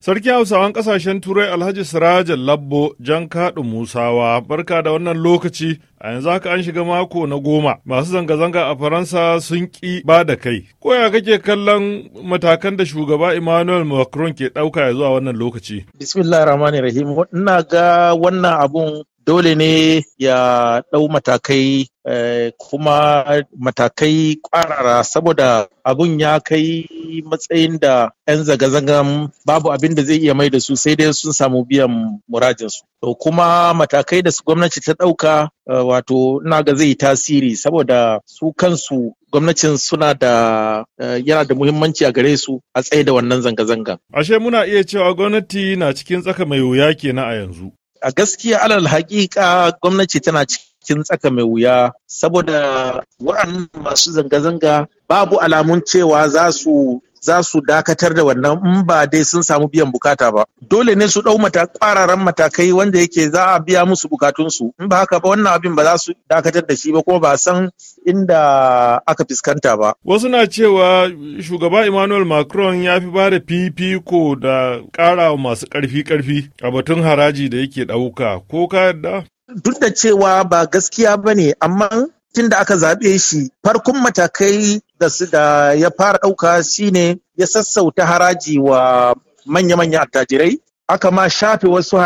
Sarki Hausawan kasashen Turai Alhaji Sirajan Labbo Jan Kaɗu Musawa barka da wannan lokaci a yanzu haka an shiga mako na goma masu zanga-zanga a Faransa sun ƙi ba da kai. Koya kake kallon matakan da shugaba Emmanuel Macron ke ɗauka ya zuwa wannan lokaci? Bismillah Rahim. Ina ga wannan abun dole ne ya ɗau matakai eh, kuma matakai ƙwarara saboda abun ya kai matsayin da 'yan zanga-zangan babu abin da zai iya mai da su sai dai sun samu biyan murajinsu. To kuma matakai da su gwamnati ta ɗauka eh, wato ina ga zai tasiri saboda su kansu gwamnatin suna da eh, yana da muhimmanci a gare su a tsaye da wannan zanga-zanga. Ashe muna iya cewa gwamnati na cikin tsaka mai wuya kenan a yanzu. a gaskiya alal hakika gwamnati tana cikin tsaka mai wuya saboda waɗannan masu zanga-zanga babu alamun cewa za su za su dakatar da wannan in ba dai sun samu biyan bukata ba dole ne su dau mata kwararan matakai wanda yake za a biya musu bukatunsu in ba haka ba wannan abin ba za su dakatar da shi ba kuma ba san inda aka fuskanta ba wasu na cewa shugaba Emmanuel Macron ya fi ba da fifiko da kara masu karfi karfi a batun haraji da yake ɗauka, ko ka yarda duk da cewa ba gaskiya ba ne amma tun da aka zaɓe shi farkon matakai da ya fara ɗauka shine ya sassauta haraji wa manya-manya attajirai aka ma shafe wasu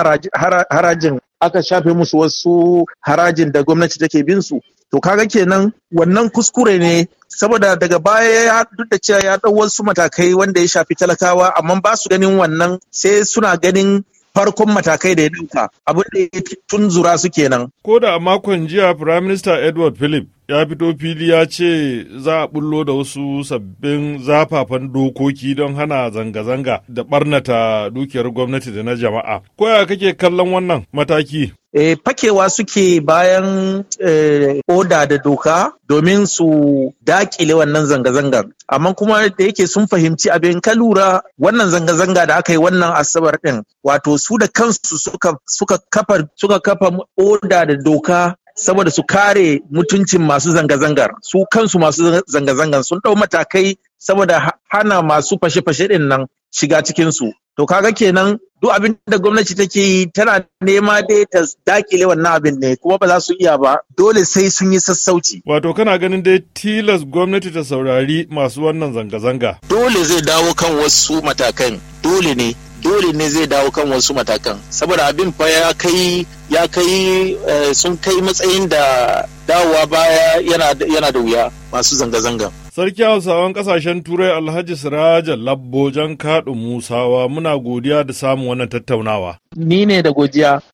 harajin aka shafe musu wasu harajin da gwamnati take bin su to kaga kenan wannan kuskure ne saboda daga baya ya duk da cewa ya ɗau wasu matakai wanda ya shafi talakawa amma ba su ganin wannan sai suna ganin farkon matakai da ya ɗauka abin da ya tunzura su kenan. Ko da a makon jiya Prime Minister Edward Philip ya fito fili ya ce za a bullo da wasu sabbin zafafan dokoki don hana zanga-zanga da barnata dukiyar gwamnati da na jama'a. Koya kake kallon wannan mataki? E, fakewa suke bayan e, oda da doka domin su dakile wannan zanga zanga Amma kuma da yake sun fahimci abin kalura wannan zanga-zanga da aka yi wannan asabar ɗin, wato su da kansu suka kafa oda da doka saboda su kare mutuncin masu zanga-zangar su kansu masu zanga-zangar sun ɗau matakai saboda hana masu fashe-fashe ɗin nan shiga cikinsu to kaga kenan duk abin da gwamnati take yi tana nema dai ta dakile wannan abin ne kuma ba za su iya ba dole sai sun yi sassauci. Wato kana ganin dai tilas gwamnati ta saurari masu wannan zanga-zanga. Dole zai dawo kan wasu matakan dole ne dole ne zai dawo kan wasu matakan saboda abin fa ya kai ya kai eh, sun kai matsayin da dawowa baya yana da wuya masu zanga-zanga Sarki Hausawan kasashen Turai Alhaji Sirajan labbojan Jan Musawa muna godiya da samun wannan tattaunawa. Ni ne da godiya